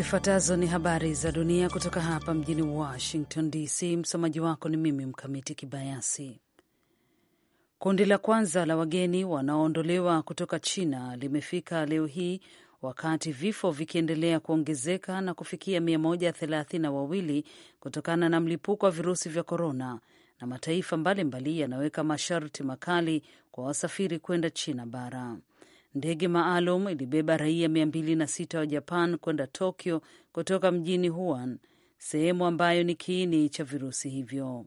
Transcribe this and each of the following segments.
Zifuatazo ni habari za dunia kutoka hapa mjini Washington DC. Msomaji wako ni mimi Mkamiti Kibayasi. Kundi la kwanza la wageni wanaoondolewa kutoka China limefika leo hii wakati vifo vikiendelea kuongezeka na kufikia 13wawili kutokana na mlipuko wa virusi vya korona, na mataifa mbalimbali yanaweka masharti makali kwa wasafiri kwenda China bara. Ndege maalum ilibeba raia sita wa Japan kwenda Tokyo kutoka mjini Wuhan, sehemu ambayo ni kiini cha virusi hivyo.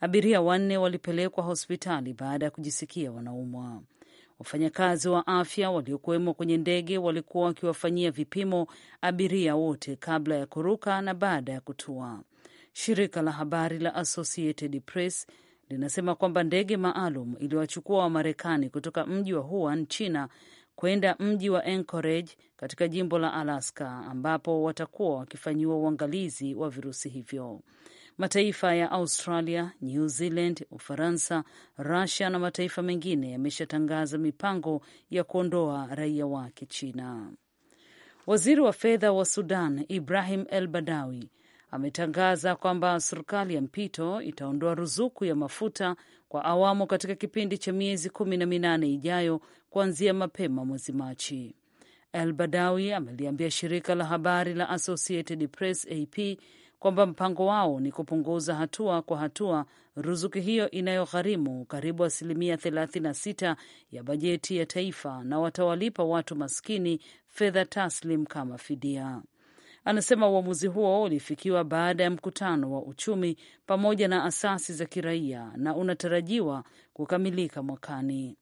Abiria wanne walipelekwa hospitali baada ya kujisikia wanaumwa. Wafanyakazi wa afya waliokuwemo kwenye ndege walikuwa wakiwafanyia vipimo abiria wote kabla ya kuruka na baada ya kutua. Shirika la habari la Associated Press linasema kwamba ndege maalum iliwachukua Wamarekani kutoka mji wa Wuhan, China kwenda mji wa Anchorage katika jimbo la Alaska ambapo watakuwa wakifanyiwa uangalizi wa virusi hivyo. Mataifa ya Australia, New Zealand, Ufaransa, Russia na mataifa mengine yameshatangaza mipango ya kuondoa raia wake China. Waziri wa fedha wa Sudan Ibrahim El Badawi ametangaza kwamba serikali ya mpito itaondoa ruzuku ya mafuta kwa awamu katika kipindi cha miezi kumi na minane ijayo kuanzia mapema mwezi Machi. El Badawi ameliambia shirika la habari la Associated Press AP kwamba mpango wao ni kupunguza hatua kwa hatua ruzuku hiyo inayogharimu karibu asilimia 36 ya bajeti ya taifa na watawalipa watu maskini fedha taslim kama fidia anasema uamuzi huo ulifikiwa baada ya mkutano wa uchumi pamoja na asasi za kiraia na unatarajiwa kukamilika mwakani.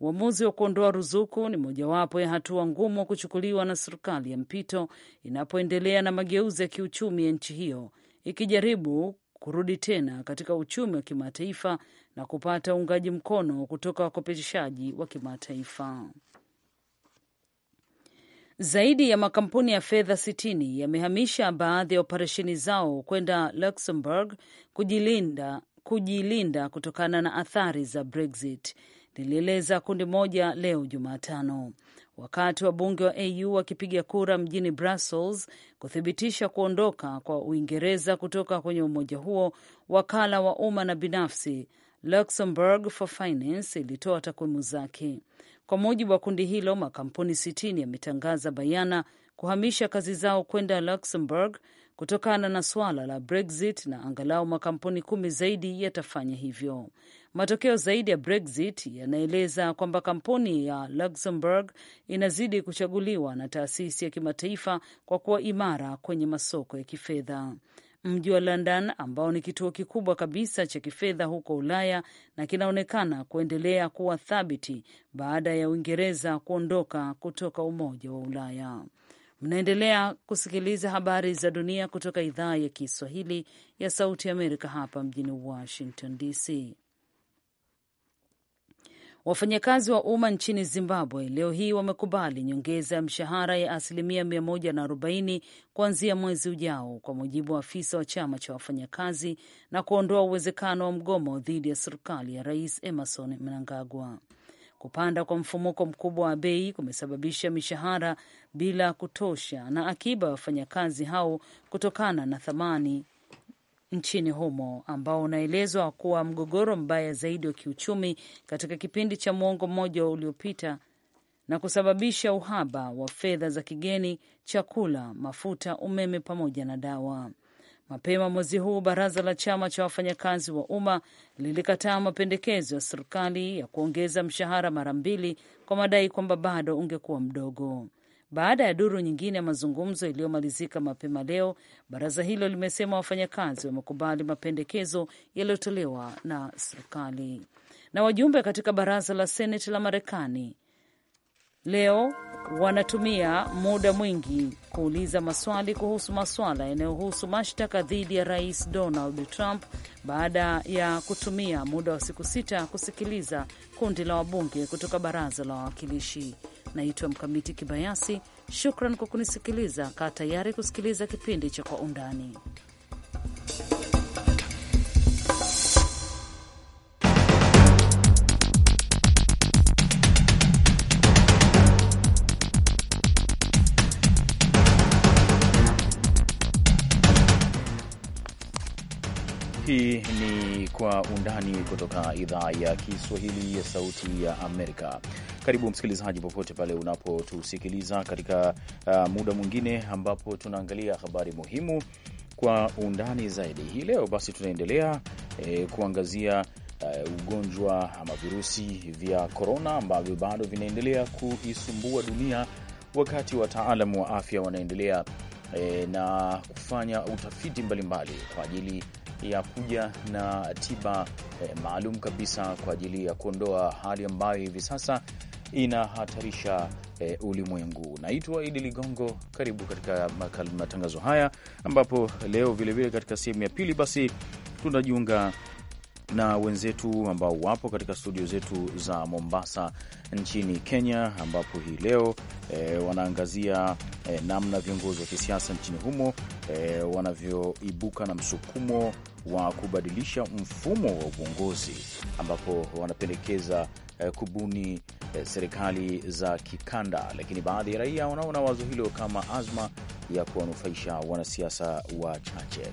Uamuzi wa kuondoa ruzuku ni mojawapo ya hatua ngumu kuchukuliwa na serikali ya mpito inapoendelea na mageuzi ya kiuchumi ya nchi hiyo, ikijaribu kurudi tena katika uchumi wa kimataifa na kupata uungaji mkono kutoka wakopeshaji wa kimataifa. Zaidi ya makampuni ya fedha 60 yamehamisha baadhi ya operesheni zao kwenda Luxembourg kujilinda, kujilinda kutokana na athari za Brexit, lilieleza kundi moja leo Jumatano, wakati wa bunge wa AU wakipiga kura mjini Brussels kuthibitisha kuondoka kwa Uingereza kutoka kwenye umoja huo. Wakala wa umma na binafsi Luxembourg for Finance ilitoa takwimu zake. Kwa mujibu wa kundi hilo, makampuni 60 yametangaza bayana kuhamisha kazi zao kwenda Luxembourg kutokana na suala la Brexit na angalau makampuni kumi zaidi yatafanya hivyo. Matokeo zaidi ya Brexit yanaeleza kwamba kampuni ya Luxembourg inazidi kuchaguliwa na taasisi ya kimataifa kwa kuwa imara kwenye masoko ya kifedha. Mji wa London ambao ni kituo kikubwa kabisa cha kifedha huko Ulaya na kinaonekana kuendelea kuwa thabiti baada ya Uingereza kuondoka kutoka Umoja wa Ulaya. Mnaendelea kusikiliza habari za dunia kutoka idhaa ya Kiswahili ya Sauti ya Amerika hapa mjini Washington DC. Wafanyakazi wa umma nchini Zimbabwe leo hii wamekubali nyongeza ya mshahara ya asilimia 140 kuanzia mwezi ujao, kwa mujibu wa afisa wa chama cha wafanyakazi, na kuondoa uwezekano wa mgomo dhidi ya serikali ya Rais Emerson Mnangagwa. Kupanda kwa mfumuko mkubwa wa bei kumesababisha mishahara bila kutosha na akiba ya wafanyakazi hao kutokana na thamani nchini humo ambao unaelezwa kuwa mgogoro mbaya zaidi wa kiuchumi katika kipindi cha mwongo mmoja uliopita na kusababisha uhaba wa fedha za kigeni, chakula, mafuta, umeme pamoja na dawa. Mapema mwezi huu baraza la chama cha wafanyakazi wa umma lilikataa mapendekezo ya serikali ya kuongeza mshahara mara mbili kwa madai kwamba bado ungekuwa mdogo. Baada ya duru nyingine ya mazungumzo iliyomalizika mapema leo, baraza hilo limesema wafanyakazi wamekubali mapendekezo yaliyotolewa na serikali. Na wajumbe katika baraza la seneti la Marekani leo wanatumia muda mwingi kuuliza maswali kuhusu maswala yanayohusu mashtaka dhidi ya rais Donald Trump baada ya kutumia muda wa siku sita kusikiliza kundi la wabunge kutoka baraza la wawakilishi. Naitwa Mkamiti Kibayasi. Shukran kwa kunisikiliza. Kaa tayari kusikiliza kipindi cha Kwa Undani. Hii ni Kwa Undani kutoka idhaa ya Kiswahili ya Sauti ya Amerika. Karibu msikilizaji, popote pale unapotusikiliza katika uh, muda mwingine ambapo tunaangalia habari muhimu kwa undani zaidi. Hii leo basi tunaendelea eh, kuangazia Uh, ugonjwa ama virusi vya korona ambavyo bado vinaendelea kuisumbua dunia, wakati wataalamu wa afya wanaendelea eh, na kufanya utafiti mbalimbali mbali kwa ajili ya kuja na tiba eh, maalum kabisa kwa ajili ya kuondoa hali ambayo hivi sasa inahatarisha e, ulimwengu. Naitwa Idi Ligongo, karibu katika matangazo haya, ambapo leo vilevile katika sehemu ya pili basi tunajiunga na wenzetu ambao wapo katika studio zetu za Mombasa nchini Kenya, ambapo hii leo e, wanaangazia e, namna viongozi wa kisiasa nchini humo e, wanavyoibuka na msukumo wa kubadilisha mfumo wa uongozi, ambapo wanapendekeza Eh, kubuni eh, serikali za kikanda, lakini baadhi ya raia wanaona wazo hilo kama azma ya kuwanufaisha wanasiasa wachache.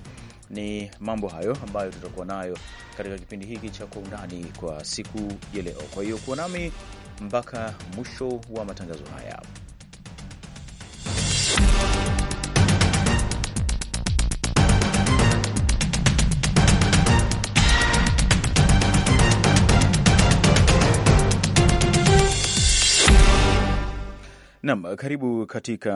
Ni mambo hayo ambayo tutakuwa nayo katika kipindi hiki cha Kwa Undani kwa siku ya leo. Kwa hiyo kuwa nami mpaka mwisho wa matangazo haya. nam karibu katika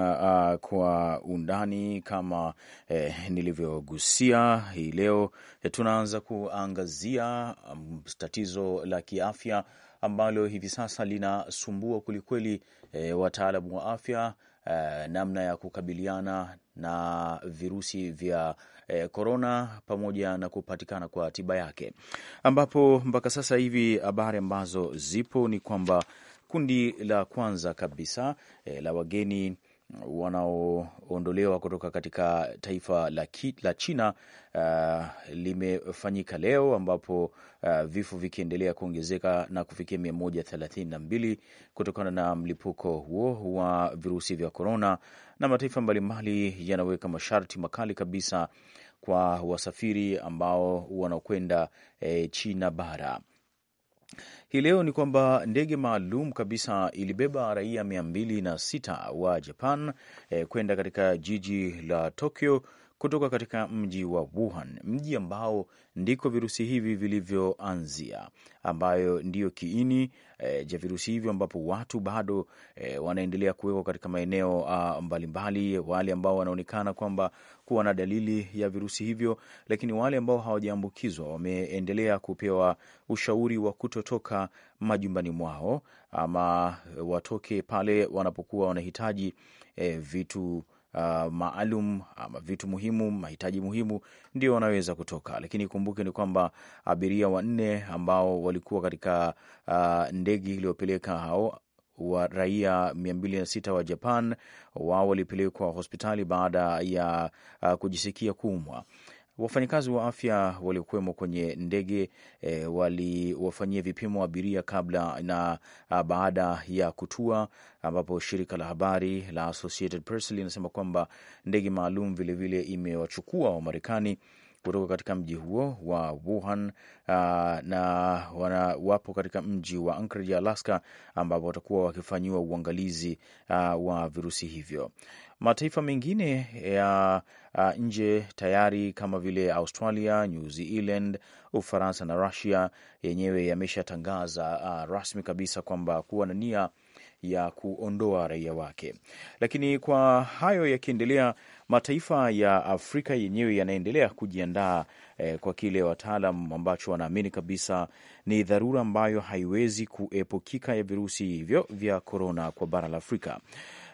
uh, kwa undani. Kama eh, nilivyogusia hii leo eh, tunaanza kuangazia um, tatizo la kiafya ambalo hivi sasa linasumbua kwelikweli eh, wataalamu wa afya eh, namna ya kukabiliana na virusi vya korona eh, e, pamoja na kupatikana kwa tiba yake, ambapo mpaka sasa hivi habari ambazo zipo ni kwamba Kundi la kwanza kabisa e, la wageni wanaoondolewa kutoka katika taifa la, ki, la China uh, limefanyika leo ambapo uh, vifo vikiendelea kuongezeka na kufikia mia moja thelathini na mbili kutokana na mlipuko huo wa virusi vya korona, na mataifa mbalimbali yanaweka masharti makali kabisa kwa wasafiri ambao wanakwenda eh, China bara hii leo ni kwamba ndege maalum kabisa ilibeba raia mia mbili na sita wa Japan eh, kwenda katika jiji la Tokyo kutoka katika mji wa Wuhan, mji ambao ndiko virusi hivi vilivyoanzia, ambayo ndiyo kiini e, cha virusi hivyo, ambapo watu bado e, wanaendelea kuwekwa katika maeneo mbalimbali, wale ambao wanaonekana kwamba kuwa na dalili ya virusi hivyo, lakini wale ambao hawajaambukizwa wameendelea kupewa ushauri wa kutotoka majumbani mwao ama watoke pale wanapokuwa wanahitaji e, vitu Uh, maalum ama vitu muhimu, mahitaji muhimu ndio wanaweza kutoka, lakini kumbuke ni kwamba abiria wanne ambao walikuwa katika uh, ndege iliyopeleka hao wa raia 206 wa Japan wao walipelekwa hospitali baada ya uh, kujisikia kuumwa. Wafanyakazi wa afya waliokuwemo kwenye ndege e, waliwafanyia vipimo abiria kabla na uh, baada ya kutua, ambapo shirika la habari la Associated Press linasema kwamba ndege maalum vilevile imewachukua Wamarekani kutoka katika mji huo wa Wuhan uh, na wana, wapo katika mji wa Anchorage, Alaska, ambapo watakuwa wakifanyiwa uangalizi uh, wa virusi hivyo. Mataifa mengine ya uh, nje tayari kama vile Australia, New Zealand, Ufaransa na Russia yenyewe yameshatangaza uh, rasmi kabisa kwamba kuwa na nia ya kuondoa raia wake. Lakini kwa hayo yakiendelea, mataifa ya Afrika yenyewe yanaendelea kujiandaa eh, kwa kile wataalam ambacho wanaamini kabisa ni dharura ambayo haiwezi kuepukika ya virusi hivyo vya korona kwa bara la Afrika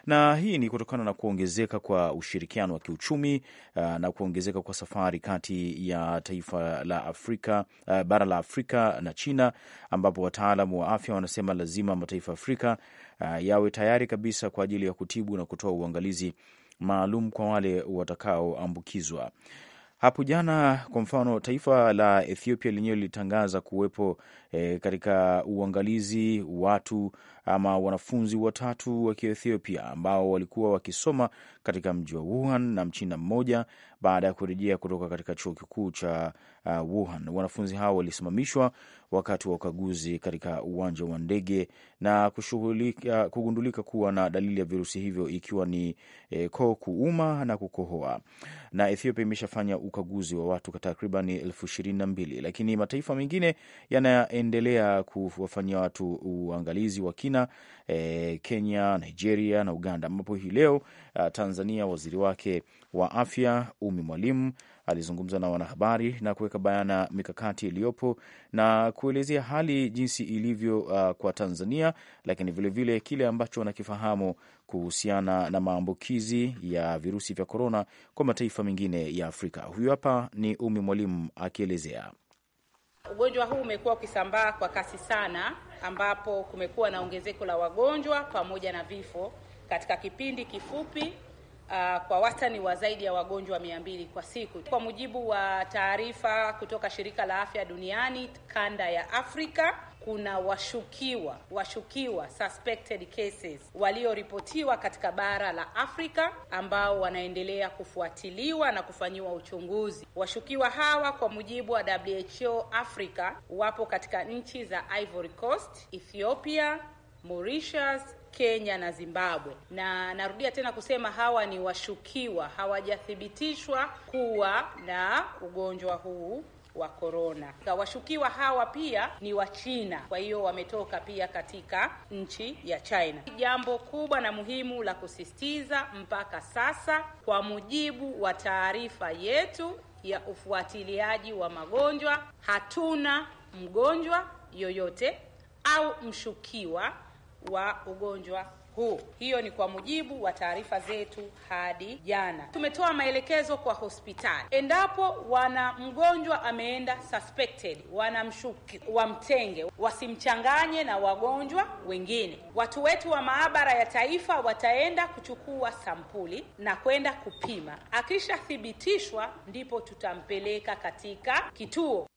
na hii ni kutokana na kuongezeka kwa ushirikiano wa kiuchumi eh, na kuongezeka kwa safari kati ya taifa la Afrika, eh, bara la Afrika na China, ambapo wataalamu wa afya wanasema lazima mataifa ya Afrika uh, yawe tayari kabisa kwa ajili ya kutibu na kutoa uangalizi maalum kwa wale watakaoambukizwa. Hapo jana kwa mfano, taifa la Ethiopia lenyewe lilitangaza kuwepo e, katika uangalizi watu ama wanafunzi watatu wa Kiethiopia ambao walikuwa wakisoma katika mji wa Wuhan na mchina mmoja baada ya kurejea kutoka katika chuo kikuu cha uh, Wuhan. Wanafunzi hao walisimamishwa wakati wa ukaguzi katika uwanja wa ndege na kushughulika, kugundulika kuwa na dalili ya virusi hivyo ikiwa ni eh, koo kuuma na kukohoa. Na Ethiopia imeshafanya ukaguzi wa watu takriban elfu ishirini na mbili, lakini mataifa mengine yanaendelea kuwafanyia watu uangalizi wa kina China, e, Kenya, Nigeria na Uganda, ambapo hii leo ah, Tanzania waziri wake wa afya Umi Mwalimu alizungumza na wanahabari na kuweka bayana mikakati iliyopo na kuelezea hali jinsi ilivyo uh, kwa Tanzania, lakini vilevile vile kile ambacho wanakifahamu kuhusiana na maambukizi ya virusi vya korona kwa mataifa mengine ya Afrika. Huyu hapa ni Umi Mwalimu akielezea Ugonjwa huu umekuwa ukisambaa kwa kasi sana, ambapo kumekuwa na ongezeko la wagonjwa pamoja na vifo katika kipindi kifupi uh, kwa wastani wa zaidi ya wagonjwa mia mbili kwa siku, kwa mujibu wa taarifa kutoka shirika la afya duniani kanda ya Afrika kuna washukiwa washukiwa suspected cases walioripotiwa katika bara la Afrika ambao wanaendelea kufuatiliwa na kufanyiwa uchunguzi. Washukiwa hawa kwa mujibu wa WHO Africa wapo katika nchi za Ivory Coast, Ethiopia, Mauritius, Kenya na Zimbabwe. Na narudia tena kusema hawa ni washukiwa, hawajathibitishwa kuwa na ugonjwa huu wa korona. Washukiwa hawa pia ni Wachina, kwa hiyo wametoka pia katika nchi ya China. Jambo kubwa na muhimu la kusisitiza mpaka sasa, kwa mujibu wa taarifa yetu ya ufuatiliaji wa magonjwa, hatuna mgonjwa yoyote au mshukiwa wa ugonjwa huu. Hiyo ni kwa mujibu wa taarifa zetu hadi jana. Tumetoa maelekezo kwa hospitali, endapo wana mgonjwa ameenda suspected, wanamshuki wamtenge, wasimchanganye na wagonjwa wengine. Watu wetu wa maabara ya taifa wataenda kuchukua sampuli na kwenda kupima, akishathibitishwa ndipo tutampeleka katika kituo.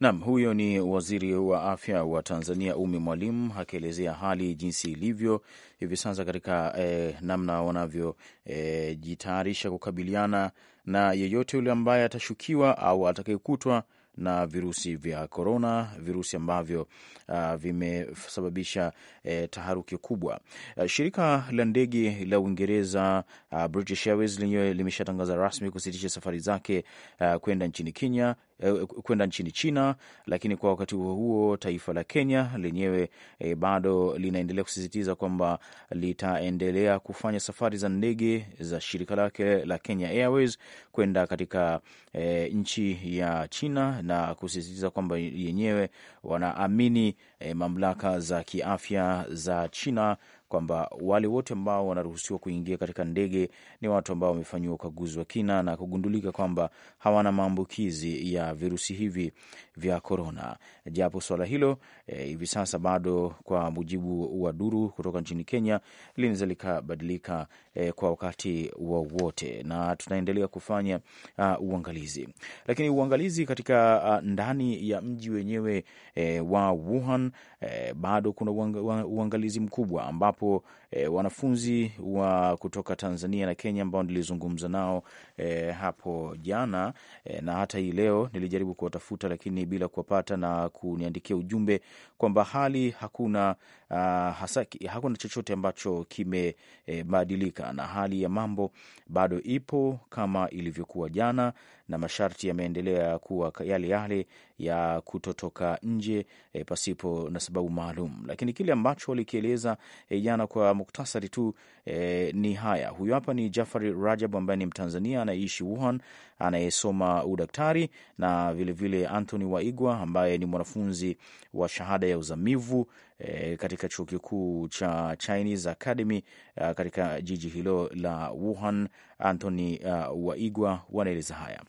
Naam, huyo ni waziri wa afya wa Tanzania Umi Mwalimu akielezea hali jinsi ilivyo hivi sasa katika eh, namna wanavyojitayarisha eh, kukabiliana na yeyote yule ambaye atashukiwa au atakayekutwa na virusi vya korona, virusi ambavyo uh, vimesababisha eh, taharuki kubwa. Uh, shirika la ndege la Uingereza uh, British Airways lenyewe limeshatangaza rasmi kusitisha safari zake uh, kwenda nchini Kenya Eh, kwenda nchini China, lakini kwa wakati huo huo taifa la Kenya lenyewe eh, bado linaendelea kusisitiza kwamba litaendelea kufanya safari za ndege za shirika lake la Kenya Airways kwenda katika eh, nchi ya China na kusisitiza kwamba yenyewe wanaamini eh, mamlaka za kiafya za China kwamba wale wote ambao wanaruhusiwa kuingia katika ndege ni watu ambao wamefanyiwa ukaguzi wa kina na kugundulika kwamba hawana maambukizi ya virusi hivi vya korona, japo suala hilo e, hivi sasa bado, kwa mujibu wa duru kutoka nchini Kenya, linaweza likabadilika e, kwa wakati wowote, na tunaendelea kufanya a, uangalizi, lakini uangalizi katika a, ndani ya mji wenyewe e, wa Wuhan eh, bado kuna uang, uangalizi mkubwa ambapo e, wanafunzi wa kutoka Tanzania na Kenya ambao nilizungumza nao e, hapo jana e, na hata hii leo nilijaribu kuwatafuta lakini bila kuwapata, na kuniandikia ujumbe kwamba hali hakuna uh, hasa, hakuna chochote ambacho kimebadilika e, na hali ya mambo bado ipo kama ilivyokuwa jana, na masharti yameendelea kuwa yale yale ya kutotoka nje e, pasipo na sababu maalum, lakini kile ambacho walikieleza e, jana kwa muktasari tu e, ni haya. Huyu hapa ni Jafari Rajab ambaye ni Mtanzania anayeishi Wuhan anayesoma udaktari, na vilevile vile Anthony Waigwa ambaye ni mwanafunzi wa shahada ya uzamivu e, katika chuo kikuu cha Chinese Academy a, e, katika jiji hilo la Wuhan. Anthony e, Waigwa wanaeleza haya.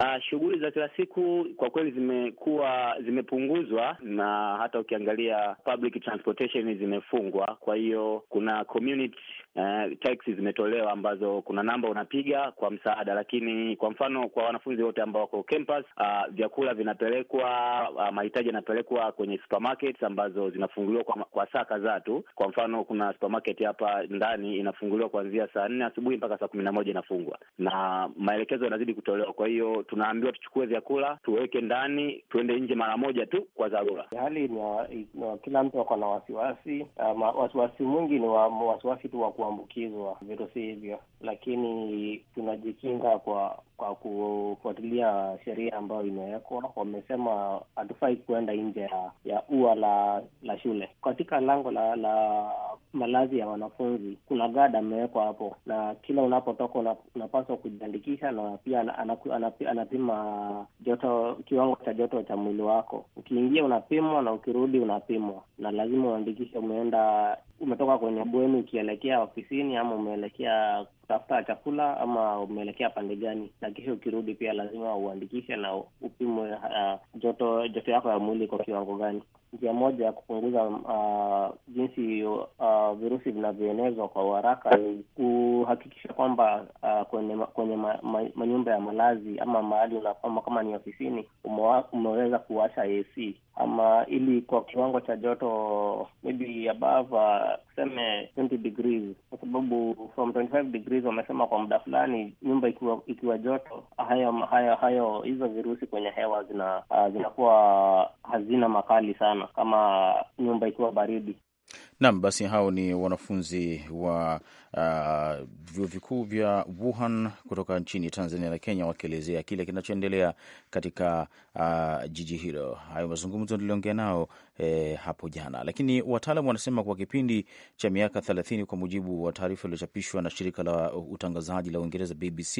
Uh, shughuli za kila siku kwa kweli zimekuwa zimepunguzwa, na hata ukiangalia public transportation zimefungwa. Kwa hiyo kuna community uh, zimetolewa ambazo kuna namba unapiga kwa msaada, lakini kwa mfano kwa wanafunzi wote ambao wako campus uh, vyakula vinapelekwa uh, mahitaji yanapelekwa kwenye supermarkets ambazo zinafunguliwa kwa, kwa saa kadhaa tu. Kwa mfano kuna supermarket hapa ndani inafunguliwa kuanzia saa nne asubuhi mpaka saa kumi na moja inafungwa, na maelekezo yanazidi kutolewa. Kwa hiyo tunaambiwa tuchukue vyakula tuweke ndani, tuende nje mara moja tu kwa dharura. Hali ni kila mtu ako na wasiwasi, wasiwasi mwingi ni wasiwasi tu wa kuambukizwa virusi hivyo. lakini tunajikinga kwa kwa kufuatilia sheria ambayo imewekwa. Wamesema hatufai kuenda nje ya, ya ua la la shule. Katika lango la la malazi ya wanafunzi kuna gada amewekwa hapo, na kila unapotoka unapaswa kujiandikisha, na pia anaku, anapi, anapima joto, kiwango cha joto cha mwili wako. Ukiingia unapimwa na ukirudi unapimwa, na lazima uandikishe umeenda umetoka kwenye bweni ukielekea ofisini ama umeelekea kutafuta chakula ama umeelekea pande gani, na kisha ukirudi pia lazima uandikishe na upimwe uh, joto joto yako ya mwili kwa kiwango gani njia moja ya kupunguza uh, jinsi uh, virusi vinavyoenezwa kwa uharaka ni kuhakikisha kwamba uh, kwenye, ma, kwenye ma, ma, manyumba ya malazi ama mahali unakwama kama ni ofisini umeweza kuwasha AC ama ili kwa kiwango cha joto maybe above tuseme 20 degrees, kwa sababu from 25 degrees wamesema kwa muda fulani nyumba ikiwa ikiwa joto, hayo hayo hayo hizo virusi kwenye hewa zina uh, zinakuwa hazina makali sana sana kama nyumba ikiwa baridi. Naam, basi hao ni wanafunzi wa uh, vyuo vikuu vya Wuhan kutoka nchini Tanzania na Kenya wakielezea kile kinachoendelea katika uh, jiji hilo. Hayo mazungumzo niliongea nao e, hapo jana, lakini wataalam wanasema kwa kipindi cha miaka thelathini, kwa mujibu wa taarifa iliyochapishwa na shirika la utangazaji la Uingereza BBC,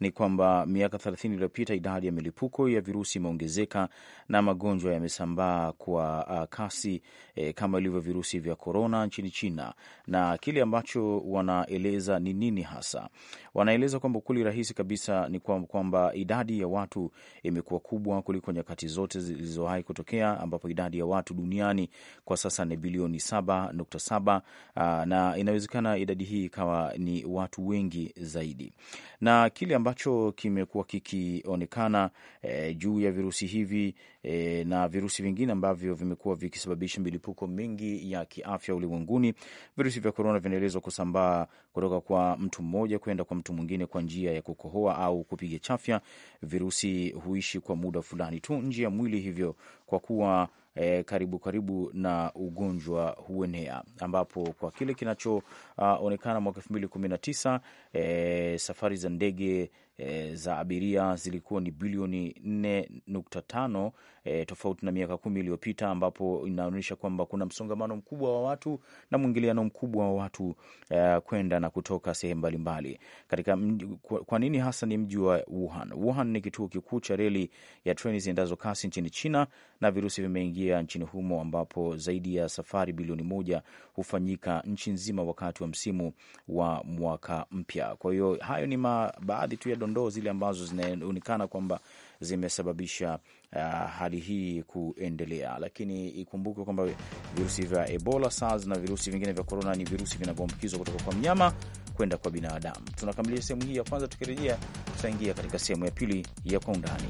ni kwamba miaka thelathini iliyopita idadi ya milipuko ya virusi imeongezeka na magonjwa yamesambaa kwa a, uh, kasi e, kama ilivyo virusi vya korona nchini China. Na kile ambacho wanaeleza ni nini hasa? Wanaeleza kwamba ukweli rahisi kabisa ni kwamba idadi ya watu imekuwa kubwa kuliko nyakati zote zilizowahi kutokea, ambapo idadi ya watu watu duniani kwa sasa ni bilioni 7.7 ah, na inawezekana idadi hii ikawa ni watu wengi zaidi. Na kile ambacho kimekuwa kikionekana e, juu ya virusi hivi e, na virusi vingine ambavyo vimekuwa vikisababisha milipuko mingi ya kiafya ulimwenguni, virusi vya korona vinaelezwa kusambaa kutoka kwa mtu mmoja kwenda kwa mtu mwingine kwa njia ya kukohoa au kupiga chafya. Virusi huishi kwa muda fulani tu nje ya mwili, hivyo kwa kuwa e, karibu karibu na ugonjwa huenea, ambapo kwa kile kinachoonekana uh, mwaka elfu mbili kumi na tisa e, safari za ndege e, za abiria zilikuwa ni bilioni 4.5 e, tofauti na miaka kumi iliyopita, ambapo inaonyesha kwamba kuna msongamano mkubwa wa watu na mwingiliano mkubwa wa watu e, kwenda na kutoka sehemu mbalimbali katika mji. Kwa nini hasa ni mji wa Wuhan? Wuhan ni kituo kikuu cha reli ya treni ziendazo kasi nchini China, na virusi vimeingia nchini humo, ambapo zaidi ya safari bilioni moja hufanyika nchi nzima wakati wa msimu wa mwaka mpya. Kwa hiyo hayo ni baadhi tu ya dondoo zile ambazo zinaonekana kwamba zimesababisha uh, hali hii kuendelea, lakini ikumbukwe kwamba virusi vya Ebola, SARS na virusi vingine vya korona ni virusi vinavyoambukizwa kutoka kwa mnyama kwenda kwa binadamu. Tunakamilisha sehemu hii ya kwanza, tukirejea tutaingia katika sehemu ya pili ya kwa undani.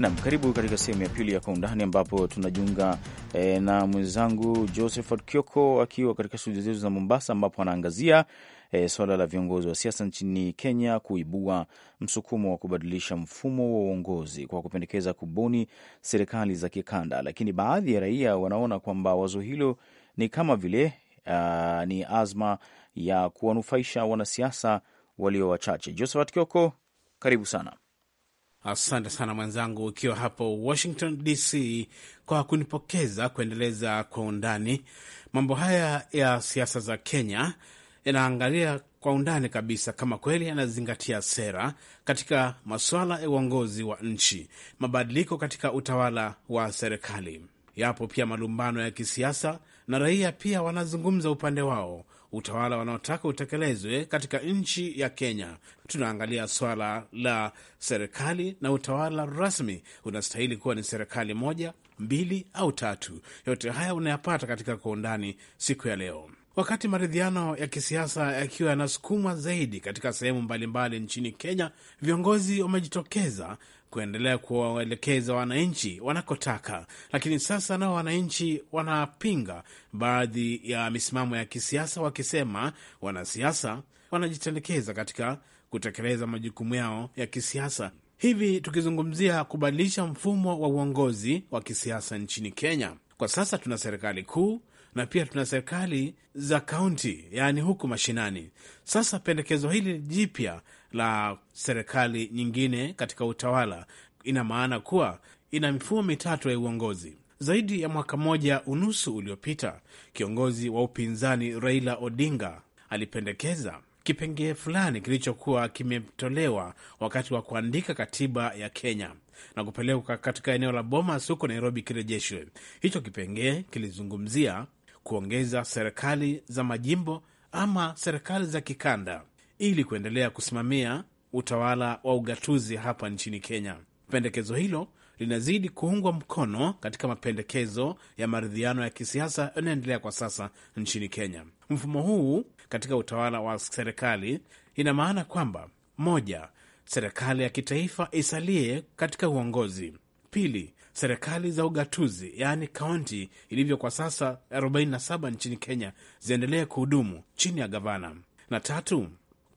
Nam, karibu katika sehemu ya pili ya Kwa Undani, ambapo tunajiunga e, na mwenzangu Josephat Kioko akiwa katika studio zetu za Mombasa, ambapo anaangazia e, eh, suala la viongozi wa siasa nchini Kenya kuibua msukumo wa kubadilisha mfumo wa uongozi kwa kupendekeza kubuni serikali za kikanda, lakini baadhi ya raia wanaona kwamba wazo hilo ni kama vile uh, ni azma ya kuwanufaisha wanasiasa walio wachache. Josephat Kioko, karibu sana. Asante sana mwenzangu, ukiwa hapo Washington DC kwa kunipokeza kuendeleza kwa undani mambo haya ya siasa za Kenya. Inaangalia kwa undani kabisa kama kweli anazingatia sera katika masuala ya uongozi wa nchi, mabadiliko katika utawala wa serikali. Yapo pia malumbano ya kisiasa na raia pia wanazungumza upande wao utawala wanaotaka utekelezwe katika nchi ya Kenya. Tunaangalia swala la serikali na utawala rasmi, unastahili kuwa ni serikali moja, mbili au tatu. Yote haya unayapata katika Kwa Undani siku ya leo. Wakati maridhiano ya kisiasa yakiwa yanasukumwa zaidi katika sehemu mbalimbali nchini Kenya, viongozi wamejitokeza kuendelea kuwaelekeza wananchi wanakotaka, lakini sasa nao wananchi wanapinga baadhi ya misimamo ya kisiasa, wakisema wanasiasa wanajitelekeza katika kutekeleza majukumu yao ya kisiasa. Hivi tukizungumzia kubadilisha mfumo wa uongozi wa kisiasa nchini Kenya, kwa sasa tuna serikali kuu na pia tuna serikali za kaunti, yaani huku mashinani. Sasa pendekezo hili jipya la serikali nyingine katika utawala. Ina maana kuwa ina mifumo mitatu ya uongozi. Zaidi ya mwaka mmoja unusu uliopita, kiongozi wa upinzani Raila Odinga alipendekeza kipengee fulani kilichokuwa kimetolewa wakati wa kuandika katiba ya Kenya na kupelekwa katika eneo la Bomas huko Nairobi kirejeshwe. Hicho kipengee kilizungumzia kuongeza serikali za majimbo ama serikali za kikanda ili kuendelea kusimamia utawala wa ugatuzi hapa nchini Kenya. Pendekezo hilo linazidi kuungwa mkono katika mapendekezo ya maridhiano ya kisiasa yanayoendelea kwa sasa nchini Kenya. Mfumo huu katika utawala wa serikali ina maana kwamba, moja, serikali ya kitaifa isalie katika uongozi; pili, serikali za ugatuzi yaani kaunti ilivyo kwa sasa 47 nchini Kenya ziendelee kuhudumu chini ya gavana; na tatu,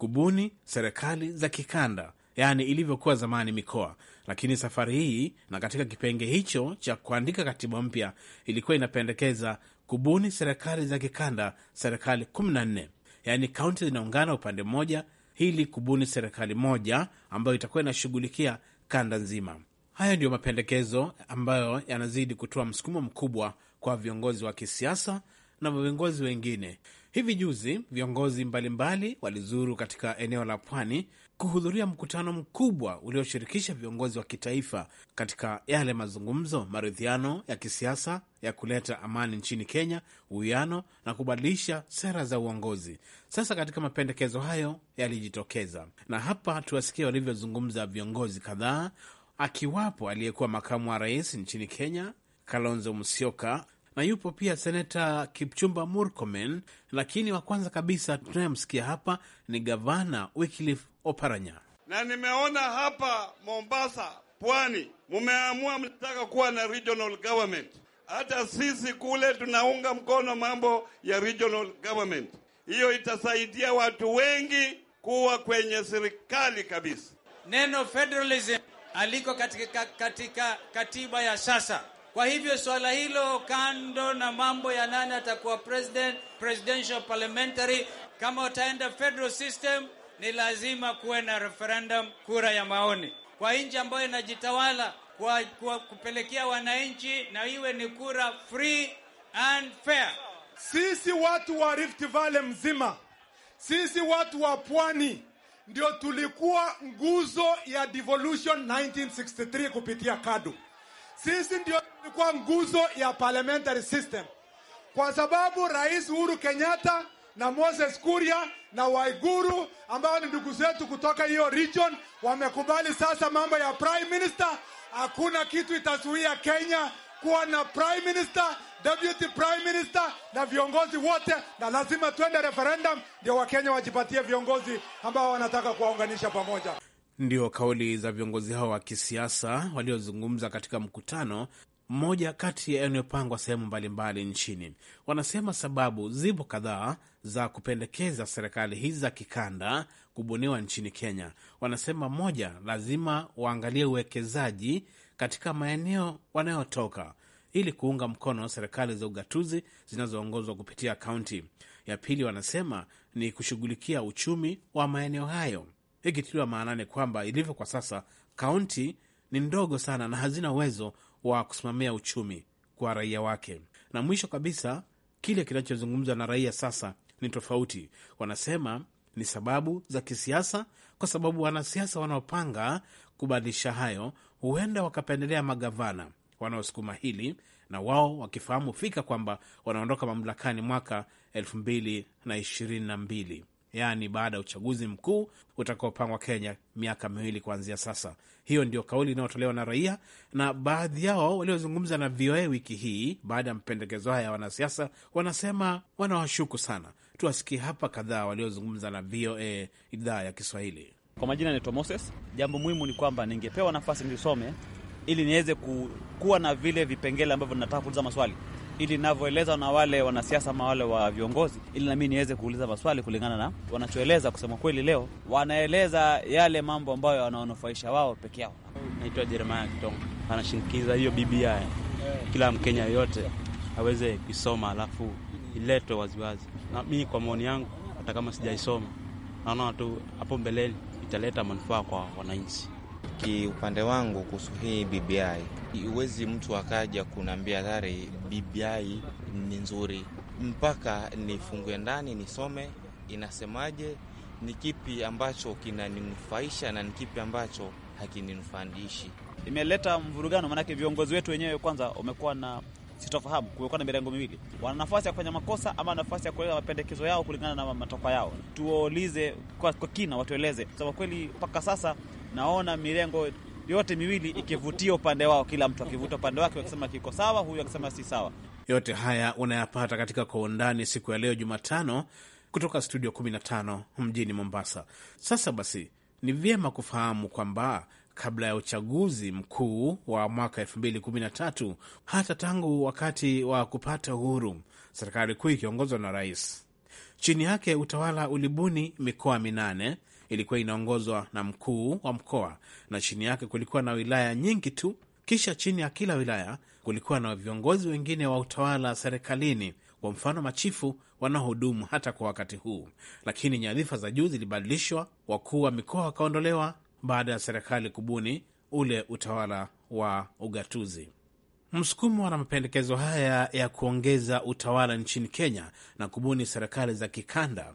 kubuni serikali za kikanda, yaani ilivyokuwa zamani mikoa. Lakini safari hii na katika kipenge hicho cha kuandika katiba mpya ilikuwa inapendekeza kubuni serikali za kikanda, serikali 14 yaani kaunti zinaungana upande mmoja, ili kubuni serikali moja ambayo itakuwa inashughulikia kanda nzima. Haya ndiyo mapendekezo ambayo yanazidi kutoa msukumo mkubwa kwa viongozi wa kisiasa na viongozi wengine Hivi juzi viongozi mbalimbali walizuru katika eneo la pwani kuhudhuria mkutano mkubwa ulioshirikisha viongozi wa kitaifa katika yale mazungumzo, maridhiano ya kisiasa ya kuleta amani nchini Kenya, uwiano na kubadilisha sera za uongozi. Sasa katika mapendekezo hayo yalijitokeza, na hapa tuwasikie walivyozungumza viongozi kadhaa, akiwapo aliyekuwa makamu wa rais nchini Kenya Kalonzo Musyoka na yupo pia seneta Kipchumba Murkomen, lakini wa kwanza kabisa tunayemsikia hapa ni gavana Wycliffe Oparanya. Na nimeona hapa Mombasa, pwani, mumeamua mtaka kuwa na regional government. Hata sisi kule tunaunga mkono mambo ya regional government. Hiyo itasaidia watu wengi kuwa kwenye serikali kabisa. Neno federalism aliko katika, katika katiba ya sasa kwa hivyo swala hilo kando na mambo ya nani atakuwa president, presidential parliamentary, kama utaenda federal system, ni lazima kuwe na referendum, kura ya maoni kwa nchi ambayo inajitawala kwa, kwa kupelekea wananchi, na iwe ni kura free and fair. Sisi watu wa Rift Valley mzima, sisi watu wa pwani ndio tulikuwa nguzo ya devolution 1963 kupitia KADU. Sisi ndio tulikuwa nguzo ya parliamentary system, kwa sababu Rais Uhuru Kenyatta na Moses Kuria na Waiguru ambao ni ndugu zetu kutoka hiyo region wamekubali sasa mambo ya prime minister. Hakuna kitu itazuia Kenya kuwa na prime minister, deputy prime minister na viongozi wote, na lazima twende referendum ndio Wakenya wajipatie viongozi ambao wanataka kuwaunganisha pamoja. Ndio kauli za viongozi hao wa kisiasa waliozungumza katika mkutano mmoja kati ya yanayopangwa sehemu mbalimbali nchini. Wanasema sababu zipo kadhaa za kupendekeza serikali hizi za kikanda kubuniwa nchini Kenya. Wanasema moja, lazima waangalie uwekezaji katika maeneo wanayotoka ili kuunga mkono serikali za ugatuzi zinazoongozwa kupitia kaunti. Ya pili, wanasema ni kushughulikia uchumi wa maeneo hayo ikitiliwa maanani kwamba ilivyo kwa sasa kaunti ni ndogo sana na hazina uwezo wa kusimamia uchumi kwa raia wake. Na mwisho kabisa, kile kinachozungumzwa na raia sasa ni tofauti. Wanasema ni sababu za kisiasa, kwa sababu wanasiasa wanaopanga kubadilisha hayo huenda wakapendelea magavana wanaosukuma hili, na wao wakifahamu fika kwamba wanaondoka mamlakani mwaka elfu mbili na ishirini na mbili yaani baada ya uchaguzi mkuu utakaopangwa Kenya miaka miwili kuanzia sasa. Hiyo ndio kauli inayotolewa na raia na baadhi yao waliozungumza na VOA wiki hii baada ya mapendekezo haya ya wanasiasa, wanasema wanawashuku sana. Tuwasikie hapa kadhaa waliozungumza na VOA idhaa ya Kiswahili. Kwa majina naitwa Moses. Jambo muhimu ni kwamba ningepewa nafasi nisome ili niweze kuwa na vile vipengele ambavyo ninataka kuuliza maswali ili inavyoelezwa na wale wanasiasa ama wale wa viongozi, ili nami niweze kuuliza maswali kulingana na wanachoeleza. Kusema kweli, leo wanaeleza yale mambo ambayo wanaonufaisha wao peke yao. Naitwa Jeremaya Kitongo, anashinikiza hiyo BBI kila Mkenya yoyote aweze kuisoma, alafu iletwe waziwazi. Na mi kwa maoni yangu, hata kama sijaisoma, naona tu hapo mbeleni italeta manufaa kwa wananchi kiupande wangu kuhusu hii BBI, huwezi mtu akaja kunaambia dhari BBI ni nzuri, mpaka nifungue ndani nisome inasemaje, ni kipi ambacho kinaninufaisha na ni kipi ambacho hakininufaishi. Imeleta mvurugano, maanake viongozi wetu wenyewe kwanza wamekuwa na sitofahamu. Kumekuwa na mirengo miwili, wana nafasi ya kufanya makosa ama nafasi ya kuweka mapendekezo yao kulingana na matakwa yao. Tuwaulize kwa, kwa kina, watueleze sababu kweli, mpaka sasa naona mirengo yote miwili ikivutia upande wao, kila mtu akivuta upande wake, akisema kiko sawa, huyu akisema si sawa. Yote haya unayapata katika Kwa Undani siku ya leo Jumatano, kutoka studio 15 mjini Mombasa. Sasa basi, ni vyema kufahamu kwamba kabla ya uchaguzi mkuu wa mwaka 2013 hata tangu wakati wa kupata uhuru, serikali kuu ikiongozwa na rais, chini yake utawala ulibuni mikoa minane ilikuwa inaongozwa na mkuu wa mkoa, na chini yake kulikuwa na wilaya nyingi tu. Kisha chini ya kila wilaya kulikuwa na viongozi wengine wa utawala serikalini, kwa mfano machifu wanaohudumu hata kwa wakati huu. Lakini nyadhifa za juu zilibadilishwa, wakuu wa mikoa wakaondolewa baada ya serikali kubuni ule utawala wa ugatuzi. Msukumo na mapendekezo haya ya kuongeza utawala nchini Kenya na kubuni serikali za kikanda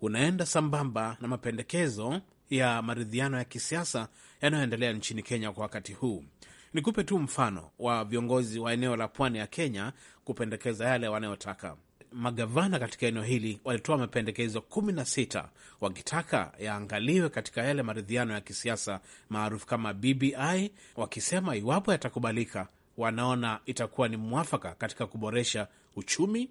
unaenda sambamba na mapendekezo ya maridhiano ya kisiasa yanayoendelea nchini Kenya kwa wakati huu. Nikupe tu mfano wa viongozi wa eneo la pwani ya Kenya kupendekeza yale wanayotaka. Magavana katika eneo hili walitoa mapendekezo kumi na sita wakitaka yaangaliwe katika yale maridhiano ya kisiasa maarufu kama BBI, wakisema iwapo yatakubalika, wanaona itakuwa ni mwafaka katika kuboresha uchumi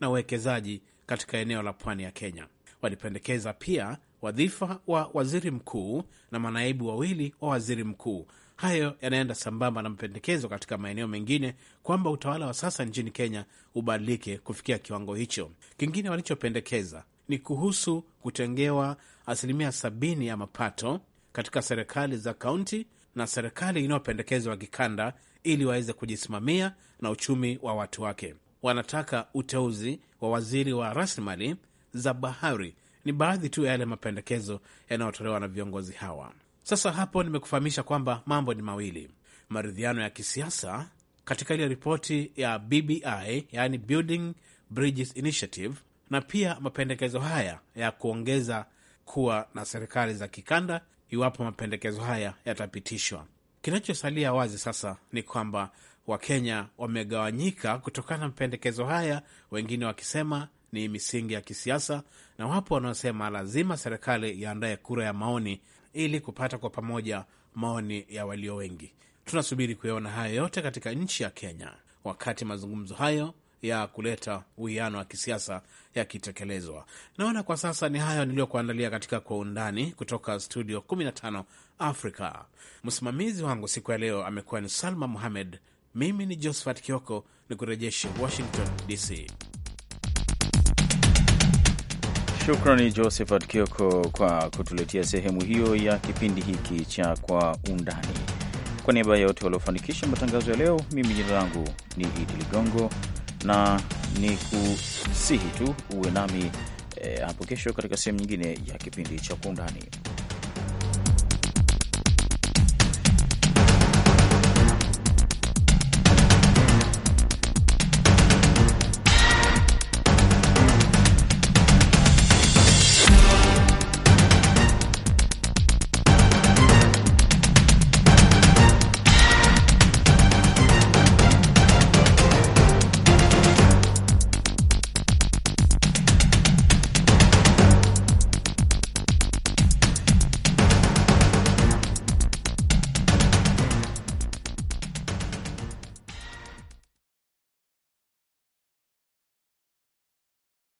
na uwekezaji katika eneo la pwani ya Kenya walipendekeza pia wadhifa wa waziri mkuu na manaibu wawili wa waziri mkuu. Hayo yanaenda sambamba na mapendekezo katika maeneo mengine kwamba utawala wa sasa nchini Kenya ubadilike kufikia kiwango hicho. Kingine walichopendekeza ni kuhusu kutengewa asilimia sabini ya mapato katika serikali za kaunti na serikali inayopendekezwa kikanda, ili waweze kujisimamia na uchumi wa watu wake. Wanataka uteuzi wa waziri wa rasilimali za bahari. Ni baadhi tu ya yale mapendekezo yanayotolewa na viongozi hawa. Sasa hapo nimekufahamisha kwamba mambo ni mawili, maridhiano ya kisiasa katika ile ripoti ya BBI, yani Building Bridges Initiative, na pia mapendekezo haya ya kuongeza kuwa na serikali za kikanda iwapo mapendekezo haya yatapitishwa. Kinachosalia wazi sasa ni kwamba Wakenya wamegawanyika kutokana na mapendekezo haya, wengine wakisema ni misingi ya kisiasa, na wapo wanaosema lazima serikali iandaye kura ya maoni ili kupata kwa pamoja maoni ya walio wengi. Tunasubiri kuyaona hayo yote katika nchi ya Kenya wakati mazungumzo hayo ya kuleta uwiano wa kisiasa yakitekelezwa. Naona kwa sasa ni hayo niliyokuandalia katika Kwa Undani kutoka studio 15 Africa. Msimamizi wangu siku ya leo amekuwa ni Salma Muhamed, mimi ni Josephat Kioko, ni kurejeshe Washington DC. Shukrani Josephat Kioko kwa kutuletea sehemu hiyo ya kipindi hiki cha Kwa Undani. Kwa niaba ya wote waliofanikisha matangazo ya leo, mimi jina langu ni Idi Ligongo na ni kusihi tu uwe nami eh, hapo e, kesho katika sehemu nyingine ya kipindi cha Kwa Undani.